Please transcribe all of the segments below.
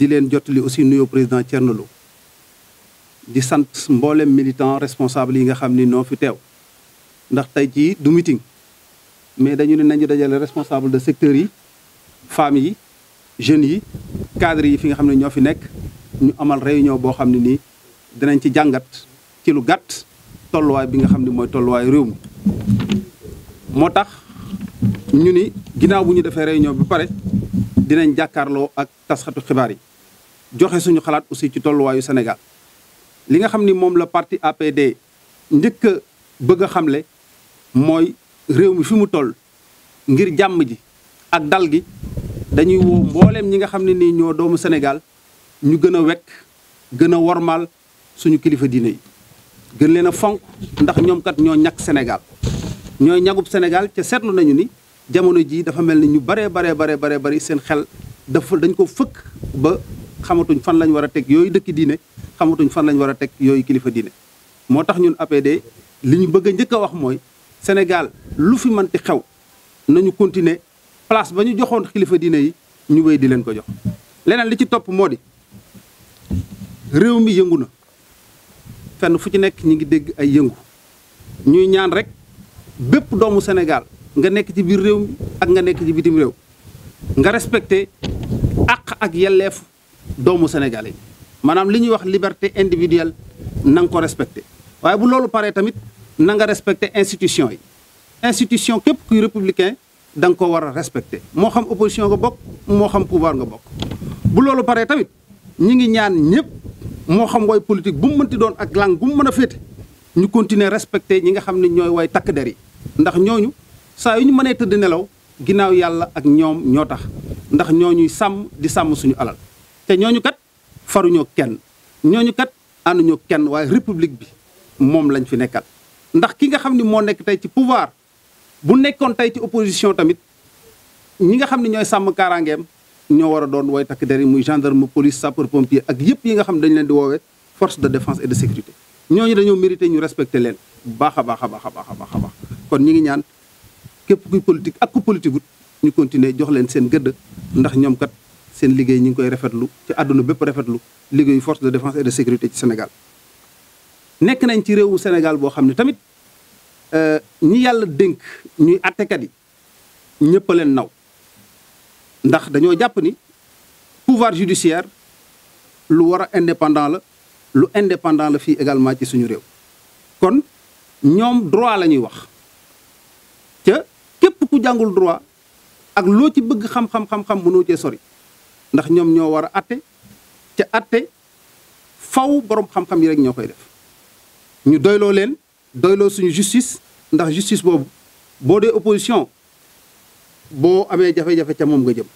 di leen jottali aussi nuyoo président Thierno Lo di sant mboolem militant responsable yi nga xam ni noo fi teew ndax tey jii du meeting mais dañu ne nañu dajale responsable de secteur yi femmes yi jeunes yi cadres yi fi nga xam ne ñoo fi nekk ñu amal réunion boo xam ne nii dinañ ci jàngat ci lu gàtt tolluwaay bi nga xam ne mooy tolluwaay réew mi moo tax ñu ni ginnaaw bu ñu defee réunion bi pare dinañ jàkkaarloo ak taskatu xibaar yi joxe suñu xalaat aussi ci tolluwaayu Sénégal li nga xam ni moom la parti APD njëkk a bëgg a xamle mooy réew mi fi mu toll ngir jàmm ji ak dal gi dañuy woo mbooleem ñi nga xam ne nii ñoo doomu Sénégal ñu gën a wekk gën a wormaal suñu kilifa diine yi gën leen a fonk ndax ñoomkat ñoo ñàkk Sénégal ñooy ñagub Sénégal ca seetlu nañu ni jamono jii dafa mel ni ñu baree baree baree baree bari seen xel dafa dañ ko fëkk ba xamatuñ fan lañ war a teg yooyu dëkki diine xamatuñ fan lañ war a teg yooyu kilifa diine moo tax ñun APD li ñu bëgg a njëkk a wax mooy Sénégal lu fi mënti xew nañu continuer place ba ñu joxoon kilifa diine yi ñu wéy di leen ko jox leneen li ci topp moo di réew mi yëngu na fenn fu ci nekk ñi ngi dégg ay yëngu ñuy ñaan rek bépp doomu Sénégal nga nekk ci biir réew mi ak nga nekk ci bitim réew nga respecté àq ak yelleef doomu sénégalais maanaam li ñuy wax liberté individuelle nanga ko respecté waaye bu loolu paree tamit na nga respecté institution yi institution képp kuy républicain danga ko war a respecté moo xam opposition nga bokk moo xam pouvoir nga bokk bu loolu paree tamit ñi ngi ñaan ñëpp moo xam way politique bu mu mënti doon ak langue bu mën a féete ñu continuer respecté ñi nga xam ne ñooy way takk der yi ndax ñooñu saa yu ñu mënee tëdd nelaw ginnaaw yàlla ak ñoom ñoo tax ndax ñoo ñuy sàmm di sàmm suñu alal te ñooñu kat faruñoo kenn ñooñu kat ànduñoo kenn waaye république bi moom lañ fi nekkal ndax ki nga xam ni moo nekk tey ci pouvoir bu nekkoon tey ci opposition tamit ñi nga xam ni ñooy sàmm kaaraangeem ñoo war a doon way takk der yi muy gendarme police sapeur pompier ak yëpp yi nga xam ne dañu leen di woowee force de défense et de sécurité ñooñu dañoo mérité ñu respecté leen baax a baax a baax baax a baax a baax kon ñi ngi ñaan képp ku politique ak ku politique ñu continuer jox leen seen gëdd ndax ñoom kat seen liggéey ñu ngi koy rafetlu ci àdduna bépp rafetlu liggéeyu force de défense et de sécurité ci Sénégal. nekk nañ ci réewu Sénégal boo xam ne tamit euh, ñi yàlla dénk ñuy àttekat yi ñëpp leen naw ndax dañoo jàpp ni pouvoir judiciaire lu war a indépendant la lu indépendant la fii également ci suñu réew. kon ñoom droit la ñuy wax ca képp ku jàngul droit ak loo ci bëgg xam-xam-xam-xam mënoo sori. ndax ñoom ñoo war a atte ca atte faw borom xam-xam yi rek ñoo koy def ñu doyloo leen doyloo suñu justice ndax justis boobu boo dee opposition boo amee jafe-jafe ca moom nga jëm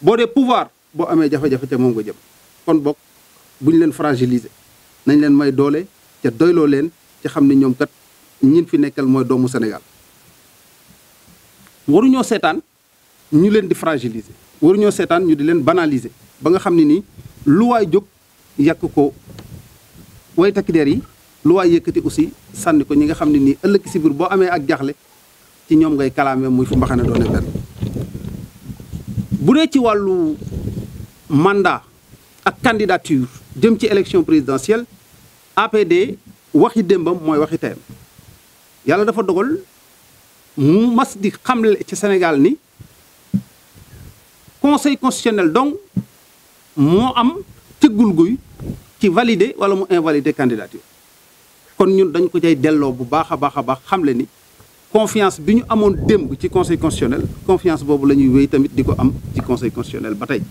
boo dee pouvoir boo amee jafe-jafe moom nga jëm kon bokk bu ñu leen fragiliser nañ leen may doole ca doyloo leen ci xam ne ñoom kat ñin fi nekkal mooy doomu Sénégal waruñoo seetaan ñu leen di fragiliser waruñoo seetaan ñu di leen banaliser ba nga xam ne nii lu waay jóg yàq ko way takk der yi lu waay yëkkati aussi sànni ko ñi nga xam ne nii ëllëg si biir boo amee ak jaaxle ci ñoom ngay kalaame muy fu mbaxane doone benn bu dee ci wàllu mandat ak candidature jëm ci élection présidentielle APD waxi démbam mooy waxi yàlla dafa dogal mu mas di xamle ci senegal ni conseil constitutionnel donc moo am tëggul guy ci valider wala mu invalider candidature kon ñun dañ ko cay delloo bu baax a baax a baax xamle ni confiance bi ñu amoon démb ci conseil constitutionnel confiance boobu la ñuy wéy tamit di ko am ci conseil constitutionnel ba tey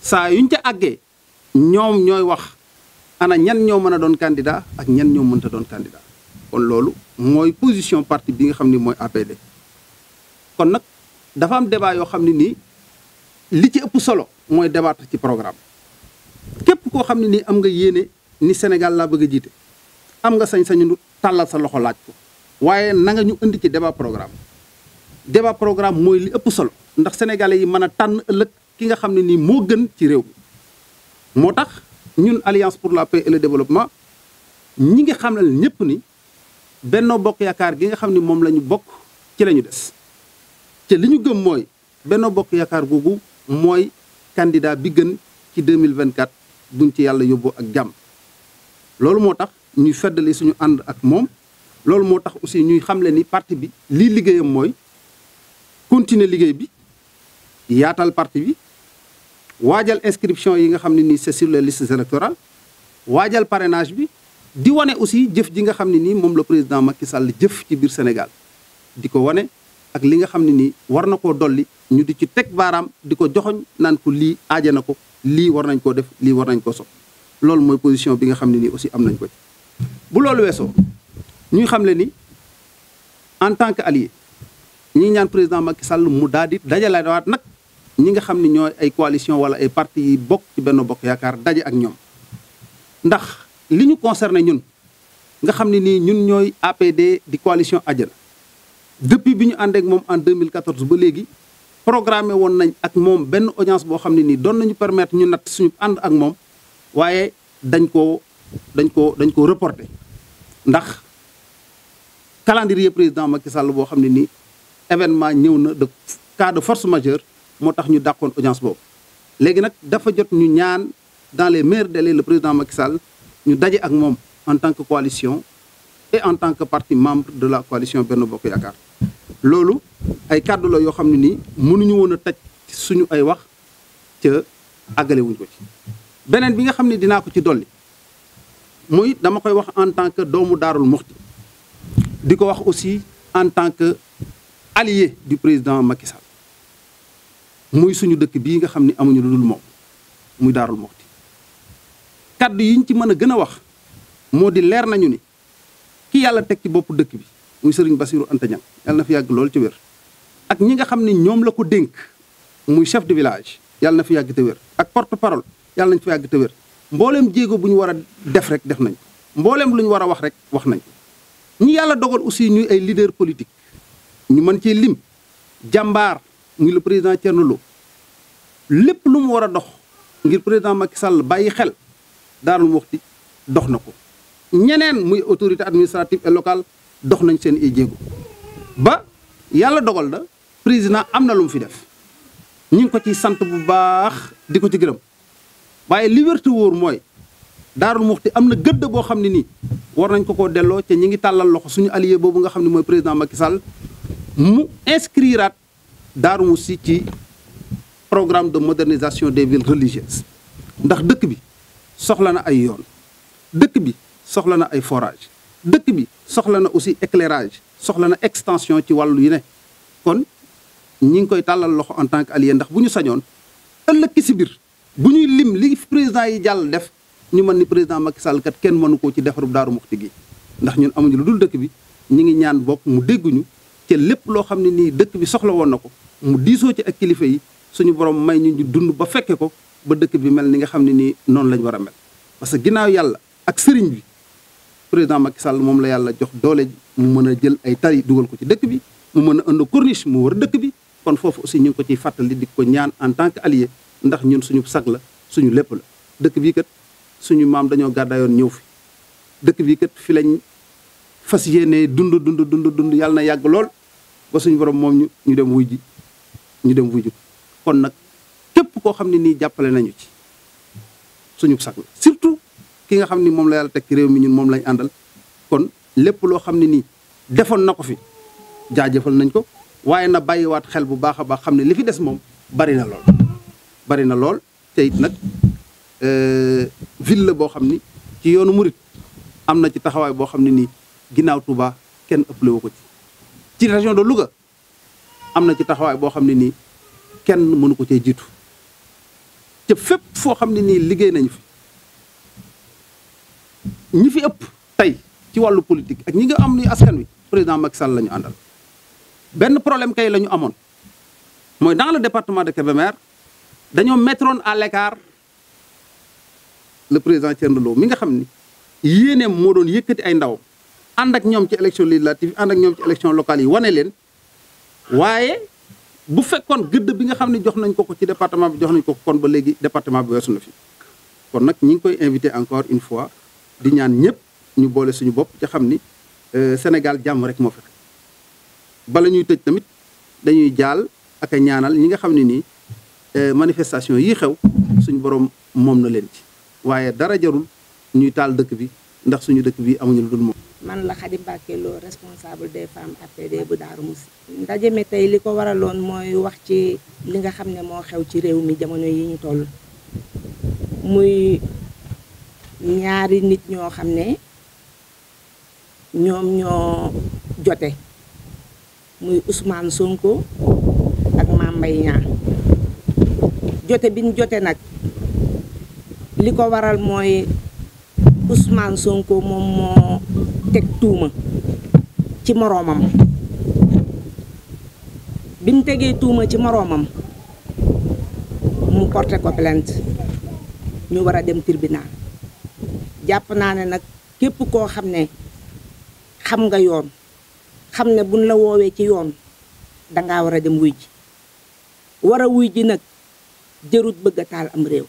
saa yuñ ca àggee ñoom ñooy wax ana ñan ñoo mën a doon candidat ak ñan ñoo mënta doon candidat kon loolu mooy position parti bi nga xam ni mooy APD kon nag dafa am débat yoo li ci ëpp solo mooy débattre ci programme képp koo xam ne nii am nga yéene ni Sénégal laa bëgg a jiite am nga sañ-sañu nu tàllal sa loxo laaj ko waaye na nga ñu indi ci débat programme débat programme mooy li ëpp solo ndax sénégalais yi mën a tànn ëllëg ki nga xam ne nii moo gën ci réew mi moo tax ñun alliance pour la paix et le développement ñi nga xam nal ñëpp ni Benno Bokk Yaakaar gi nga xam ni moom la ñu bokk ci lañu des te li ñu gëm mooy Benno Bokk Yaakaar googu mooy candidat bi gën ci 2024 buñ ci yàlla yóbboo ak jàmm loolu moo tax ñuy feddali suñu ànd ak moom loolu moo tax aussi ñuy xamle ni parti bi lii liggéeyam mooy continuer liggéey bi yaatal parti bi waajal inscription yi nga xam ne nii c'est sur les listes waajal parrainage bi di wane aussi jëf ji nga xam ne nii moom la président Macky Sall jëf ci biir Sénégal di ko wane ak li nga xam ne nii war na koo dolli ñu di ci teg baaraam di ko joxoñ naan ko lii aaje na ko lii war nañ koo def lii war nañ ko sopp loolu mooy position bi nga xam ne nii aussi am nañ ko ci bu loolu weesoo ñuy xam le ni en tant que allié ñi ñaan président Macky Sall mu daal di dajale nag ñi nga xam ne ñooy ay coalition wala ay parti yi bokk ci benn bokk yaakaar daje ak ñoom ndax li ñu concerné ñun nga xam ne nii ñun ñooy APD di coalition ajana depuis bi ñu ànd ak moom en 2014 ba léegi programmé woon nañ ak moom benn audience boo xam ne nii doon nañu permettre ñu natt suñu ànd ak moom waaye dañ koo dañ koo dañ koo reporté ndax calendrier président Macky Sall boo xam ne nii événement ñëw na de cas de force majeure moo tax ñu dàqoon audience boobu. léegi nag dafa jot ñu ñaan dans les meilleurs délais le président Macky Sall ñu daje ak moom en tant que coalition et en tant que parti membre de la coalition benn Bokk Yaakaar. loolu ay kàddu la yoo xam ne nii mënuñu woon a taj suñu ay wax ca àggale wuñ ko ci beneen bi nga xam ne dinaa ko ci dolli muy dama koy wax en tant que doomu daarul muxti di ko wax aussi en tant que allié du président Macky muy suñu dëkk bii nga xam ni amuñu lu moom muy daarul muxti kàddu yiñ ci mën a gën a wax moo di leer nañu ni ki yàlla teg ci boppu dëkk bi muy sëriñ Bassirou Anta Niang yàlla na fi yàgg lool ci wér ak ñi nga xam ne ñoom la ko dénk muy chef de village yàlla na fi yàgg te wér ak porte parole yàlla nañ fi yàgg te mbooleem jéego bu ñu war a def rek def nañ mbooleem lu ñu war a wax rek wax nañ ko ñi yàlla dogal aussi ñuy ay leader politique ñu mën cee lim jàmbaar muy le président Thierno Lo lépp lu mu war a dox ngir président Macky Sall bàyyi xel Daarul Muxti dox na ko ñeneen muy autorité administrative et dox nañ seen i jéego ba yàlla dogal na président am na lu mu fi def ñu ngi ko ci sant bu baax di ko ci gërëm waaye liberté wóor mooy daarul muxti am na gëdd boo xam ne nii war nañ ko ko delloo ca ñi ngi tàllal loxo suñu allié boobu nga xam ne mooy président Macky Sall mu inscriraat daarumu si ci programme de modernisation des villes religieuses ndax dëkk bi soxla na ay yoon dëkk bi soxla na ay forage dëkk bi soxla na aussi éclairage soxla na extension ci wàllu yu ne kon ñi ngi koy tàllal loxo en tant que allié ndax bu ñu sañoon ëllëg ki si bu ñuy lim li président yi jàll def ñu mën ni président Macky Sall kenn mënu koo ci defarub daaru muxti gi ndax ñun amuñu lu dul dëkk bi ñi ngi ñaan bokk mu dégguñu te lépp loo xam ne nii dëkk bi soxla woon na ko mu diisoo ci ak kilifa yi suñu borom may ñu ñu dund ba fekke ko ba dëkk bi mel ni nga xam ne noonu lañ war a mel parce que ginnaaw yàlla ak sëriñ bi président Macky Sall moom la yàlla jox doole mu mën a jël ay tari dugal ko ci dëkk bi mu mën a ënd corniche mu wër dëkk bi kon foofu aussi ñu ko ciy fàttali di ko ñaan en tant que allié ndax ñun suñu sag la suñu lépp la dëkk bii kat suñu maam dañoo gàddaayoon ñëw fi dëkk bii kat fi lañ fas yéenee dund dund dund dund yàlla na yàgg lool ba suñu boroom moom ñu ñu dem wuy ji ñu dem wuy ji kon nag képp koo xam ne nii jàppale nañu ci suñu sag la ki nga xam ni moom la yàlla teg ci réew mi ñun moom lañ àndal kon lépp loo xam ne nii defoon na ko fi jaajëfal nañ ko waaye na bàyyiwaat xel bu baax a baax xam ne li fi des moom bari na lool bari na lool te it nag euh, ville la boo xam ni ci yoonu murit am na ci taxawaay boo xam ne nii ginnaaw Touba kenn ëppale wu ko ci ci région de Louga am na ci taxawaay boo xam ne nii kenn mënu ko cee jiitu te fépp foo xam ne nii liggéey nañu fi ñi fi ëpp tey ci wàllu politique ak ñi nga am ni askan wi président Macky Sall la àndal benn problème kay la ñu amoon mooy dans le département de Kébémer dañoo mettroon à l'écart le président Thierno mi nga xam ni yéeneem moo doon yëkkati ay ndaw ànd ak ñoom ci élection législative ànd ak ñoom ci élection locale yi wane leen waaye bu fekkoon gëdd bi nga xam ne jox nañ ko ko ci département bi jox nañ ko kon ba léegi département bi weesu na fi kon nag ñi koy invité encore une fois di ñaan ñëpp ñu boole suñu bopp ci xam ni euh, Sénégal jàmm rek moo fi bala ñuy tëj tamit dañuy jaal ak ñaanal ñi nga xam ne nii euh, manifestation yi xew suñu borom moom na leen ci waaye dara jarul ñuy taal dëkk bi ndax suñu dëkk bi amuñu lu dul moom. man la Khady Mbacké Lo responsable des femmes APD bu Darou Moussi. ndaje mi tey li ko waraloon mooy wax ci li nga xam ne moo xew ci réew mi jamono yi ñu toll muy. ñaari nit ñoo xam ne ñoom ñoo jote muy usmaan Sonko ak Mame Mbaye Niang jote biñ jote nag li ko waral mooy usmaan Sonko moom moo teg tuuma ci moroomam biñ tegee tuuma ci moroomam mu porté ko plainte ñu war a dem tribunal jàpp naa ne nag képp koo xam ne xam nga yoon xam ne buñ la woowee ci yoon dangaa war a dem wuy ji war a wuy ji nag jërut bëgg a taal am réew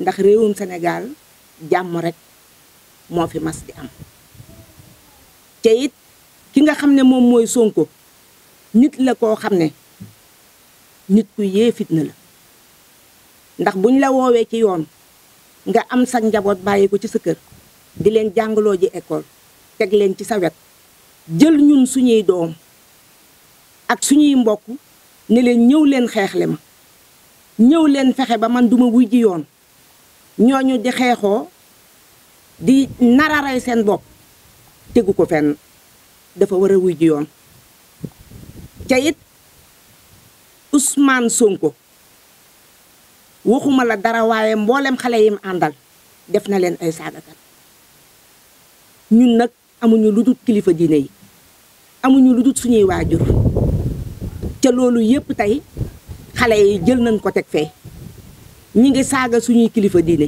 ndax réewum Sénégal jàmm rekk moo fi mas di am te it ki nga xam ne moom mooy Sonko nit la koo xam ne nit ku yee na la ndax buñ la woowee ci yoon nga am sa njaboot bàyyi ko ci sa kër di leen jàngaloo ji ekool teg leen ci sa wet jël ñun suñuy doom ak suñuy mbokk ne leen ñëw leen xeexle ma ñëw leen fexe ba man duma wuy yoon ñoo ñu di xeexoo di nararay seen bopp tegu ko fenn dafa war a wuy yoon ca it Ousmane Sonko waxuma la dara waaye mboolem xale yim àndal def na leen ay saagakat ñun nag amuñu lu kilifa diine yi amuñu lu suñuy waajur ca loolu yépp tey xale yi jël nañ ko teg fee ñi ngi saaga suñuy kilifa diine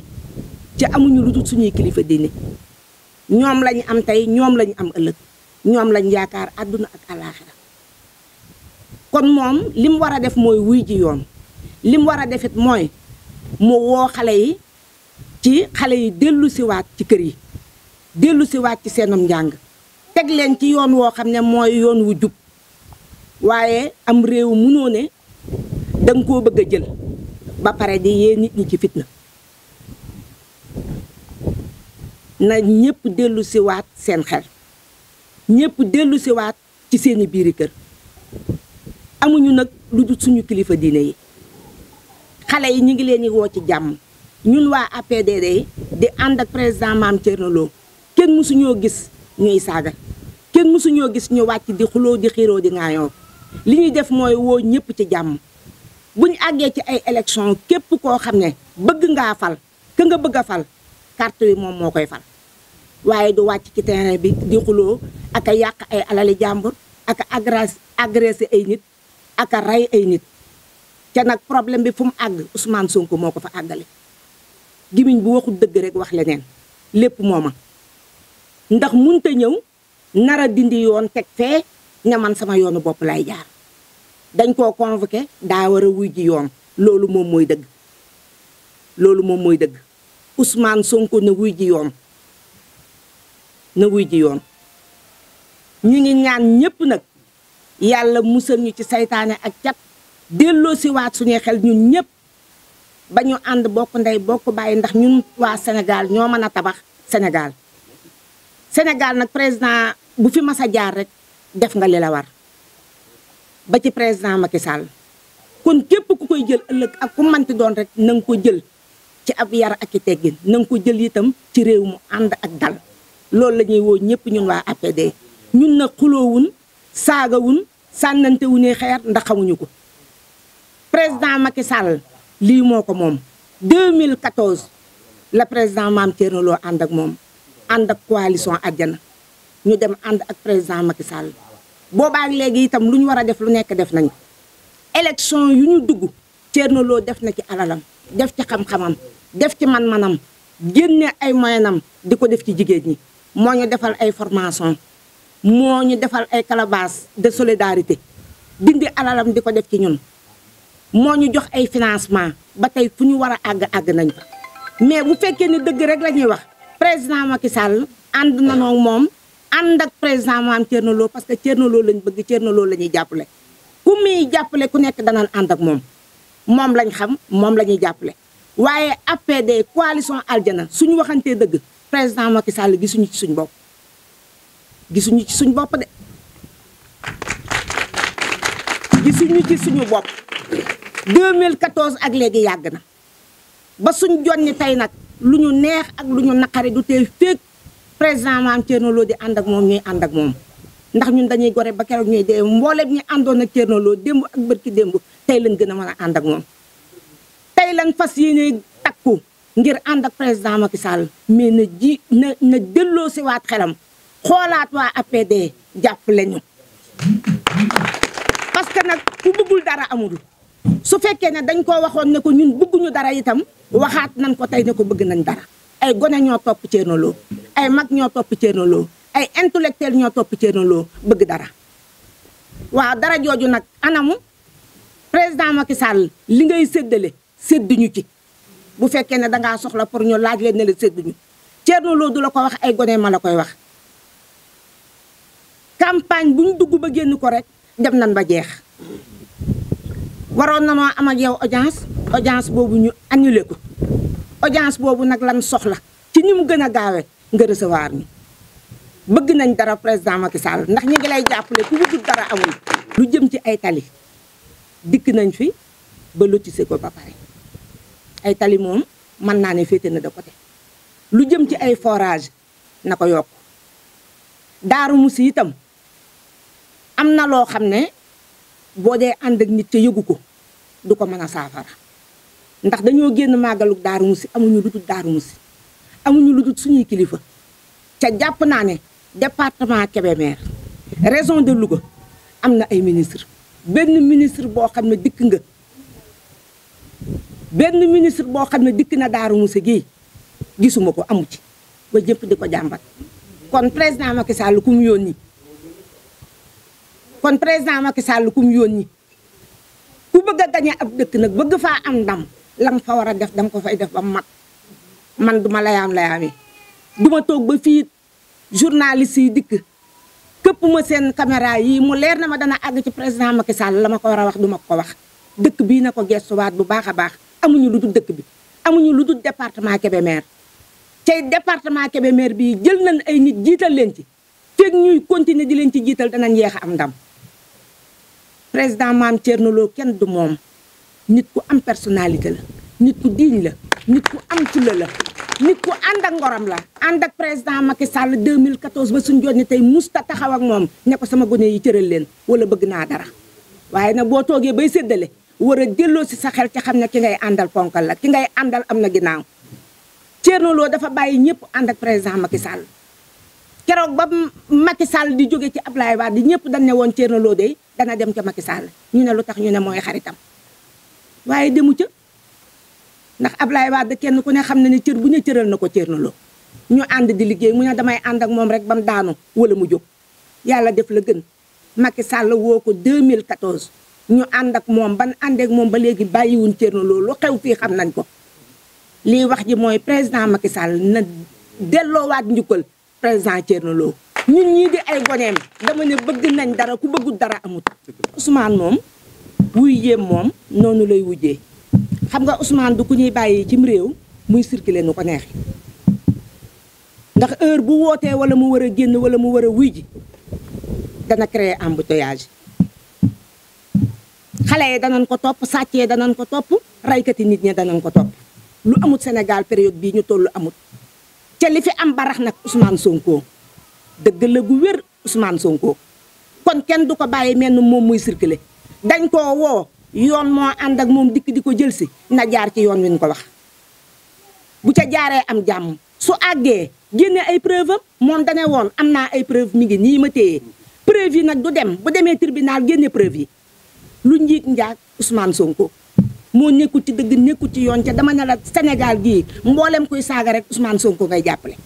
ca amuñu lu suñuy kilifa diine ñoom lañ am tey ñoom lañ am ëllëg ñoom lañ yaakaar àdduna ak alaaxira kon moom li mu war a def mooy wuy ji yoon li mu war a defit mooy mu woo xale yi ci xale yi dellusiwaat ci kër yi dellusiwaat ci seenum njàng teg leen ci yoon woo xam ne mooy yoon wu jub waaye am réew munoo ne danga koo bëgg a jël ba pare di yee nit ñi ci fitna na ñëpp dellusiwaat siwaat seen xel ñëpp dellusiwaat ci seeni biiri kër amuñu nag lu dul suñu kilifa diine yi xale yi ñu ngi leen di woo ci jàmm ñun waa yi di ànd ak président Mame Thierno Lo kenn mësuñoo gis ñuy saaga kenn mësuñoo gis ñu wàcc di xuloo di xiiroo di ŋaayoo li ñuy def mooy woo ñëpp ci jàmm bu ñu àggee ci ay élection képp koo xam ne bëgg ngaa fal ka nga bëgg a fal carte yi moom moo koy fal waaye du wàcc ci terrain bi di xuloo ak a yàq ay alali jàmbur ak a agressé ay nit ak a rey ay nit ca nag problème bi fu mu àgg Ousmane Sonko moo ko fa àggale gimiñ bu waxul dëgg rek wax leneen lépp mooma ndax munta ñëw nara dindi yoon teg fee ne sama yoonu bopp lay jaar dañ koo convoqué daa war a wuy ji yoon loolu moom mooy dëgg loolu moom mooy dëgg Ousmane Sonko na wuy ji yoon na wuy ji yoon ñu ngi ñaan ñépp nag yàlla musal ñu ci seytaane ak cat delloo si waat suñuy xel ñun ñëpp ba ñu ànd bokk ndey bokk bàyyi ndax ñun waa Sénégal ñoo mën a tabax Sénégal senegal nag président bu fi mas a jaar rek def nga li la war ba ci président Macky Sall kon képp ku koy jël ëllëg ak ku manti doon rek na nga ko jël ci ab yar ak i teggin na nga ko jël itam ci réew mu ànd ak dal loolu la ñuy woo ñëpp ñun waa APD ñun nag xuloowun saagawun sànnante wu ne xeer ndax xamuñu ko président Macky Sall lii moo ko moom 2014 la président Mame Thierno Lo ànd ak moom ànd ak coalition Àjjana ñu dem ànd ak président Macky Sall boobaak léegi itam lu ñu war a def lu nekk def nañ élection yu ñu dugg Thierno Lo def na ci alalam def ci xam-xamam def ci man-manam génne ay moyenam di ko def ci jigéen ñi moo ñu defal ay formation moo ñu defal ay calebasse de solidarité dindi alalam di ko def ci ñun moo ñu jox ay financement ba tey fu ñu war a àgg àgg nañ mais bu fekkee ni dëgg rek lañuy wax président Macky Sall ànd na noo moom ànd ak président maam Thierno Lo parce que na loolu lañ bëgg Thierno Lo la ñuy jàppale ku muy jàppale ku nekk danaan ànd ak moom moom lañ xam moom la ñuy jàppale waaye APD coalition Aljana suñu waxantee dëgg président Macky Sall gisuñu ci suñ bopp gisuñu ci suñ bopp de gisuñu ci suñu bopp 2014 ak léegi yàgg na ba suñ jot jonni tey nag lu ñu neex ak lu ñu naqari du tey féeg président Mame Thierno Lo di ànd ak moom ñuy ànd ak moom ndax ñun dañuy gore ba keroog ñuy dee mboolem ñi àndoon ak Thierno Lo démb ak bërki démb tey lañ gën a mën a ànd ak moom tey lañ fas yéene takku ngir ànd ak président Macky Sall mais na ji na na delloo si waat xelam xoolaat waa APD jàppale ñu que nag ku bëggul dara amul su fekkee ne dañ koo waxoon ne ko ñun bëgguñu dara itam waxaat nañ ko tey ne ko bëgg nañ dara ay gone ñoo topp Thierno Lo ay mag ñoo topp Thierno Lo ay intellectuel ñoo topp Thierno Lo bëgg dara waaw dara jooju nag anamu président Macky Sall li ngay séddale sédduñu ci bu fekkee ne dangaa soxla pour ñu laaj leen ne la sédduñu Thierno loo du la ko wax ay gone ma la koy wax campagne bu ñu dugg ba génn ko rek dem nañ ba jeex waroon na noo am ak yow audience audience boobu ñu annulé ko audience boobu nag lan soxla ci ni mu gën a gaawe nga recevoir ni bëgg nañ dara président Macky Sall ndax ñi ngi lay jàppale ku wutut dara amul lu jëm ci ay tali dikk nañ fi ba lotissé ko ba pare ay tali moom mën naa ne féete na de côté lu jëm ci ay forage na ko yokk daaru musi itam am na loo xam ne boo dee ànd ak nit te yëgu ko du ko mën a saafara ndax dañoo génn màggalu daaru musi amuñu lu dul daaru musi amuñu lu dul suñuy kilifa ca jàpp naa ne département Kébémer région de Louga am na ay ministre benn ministre boo xam ne dikk nga benn ministre boo xam ne dikk na daaru musi gii gisuma ko amu ci ba jëpp di ko jàmbat kon président Macky Sall ku mu yónni kon président Macky Sall ku yoon ñi ku bëgg a gañe ab dëkk nag bëgg faa am ndam lam fa war a def dama ko fay def ba mat man duma layaam layaami duma toog ba fii journaliste yi dikk këpp ma seen caméra yi mu leer na ma dana àgg ci président Macky Sall la ma ko war a wax duma ko wax dëkk bii na ko gestuwaat bu baax a baax amuñu lu dul dëkk bi amuñu lu dul département Kébémer tey département Kébémer bii jël nañ ay nit jiital leen ci feeg ñuy continuer di leen ci jiital danañ yeex a am ndam président maam Thierno Lo kenn du moom nit ku am personnalité la nit ku diiñ la nit ku am fulla la nit ku ànd ak ngoram la ànd ak président Macky Sall 2014 ba suñ jot ni tey musta taxaw ak moom ne sama gone yi cëral leen wala bëgg naa dara waaye nag boo toogee bay séddale war a delloo si sa xel ci xam ne ki ngay àndal ponkal la ki ngay àndal am na ginnaaw Thierno Lo dafa bàyyi ñëpp ànd ak président Macky Sall keroog ba Macky Sall di jóge ci Ablaye Wade ñëpp dañ ne woon Thierno Lo dey dana dem ca Macky Sall ñu ne lu tax ñu ne mooy xaritam waaye demu ca ndax ab lay waat Wade kenn ku ne xam ne ni cër bu ñu cëral na ko Thierno Lo ñu ànd di liggéey mu ne damay ànd ak moom rek ba mu daanu wala mu jóg yàlla def la gën Macky Sall woo ko 2014 ñu ànd ak moom ban ànd moom ba léegi bàyyiwuñ Thierno Lo lu xew fii xam nañ ko lii wax ji mooy président Macky Sall na delloowaat njukkal président na loo ñun ñii di ay goñeem dama ne bëgg nañ dara ku bëggul dara amut Ousmane moom wuy yéem moom noonu lay wujjee xam nga Ousmane bi ku ñuy bàyyi cim réew muy circuler nu ko neex ndax heure bu wootee wala mu war a génn wala mu war a wuy ji dana créer embouteillage xale yi danañ ko topp sàcc yi danañ ko topp raykat yi nit ñi danañ ko topp lu amut Sénégal période bii ñu tollu amut ca li fi am barax nag usmaan Sonko dëgg la gu wér usmaan Sonko kon kenn du ko bàyyi mel moom muy circuler dañ koo woo yoon moo ànd ak moom dikk di ko jël si na jaar ci yoon wi ñu ko wax bu ca jaaree am jàmm su àggee génne ay preuve am moom dane woon am naa ay preuve mi ngi nii ma téye preuve yi nag du dem bu demee tribunal génne preuve yi lu njiit njaag usmaan Sonko moo nekkul ci dëgg nekkul ci yoon ca dama ne la senegal gii mboolem kuy saaga rek Ousmane Sonko ngay jàppale.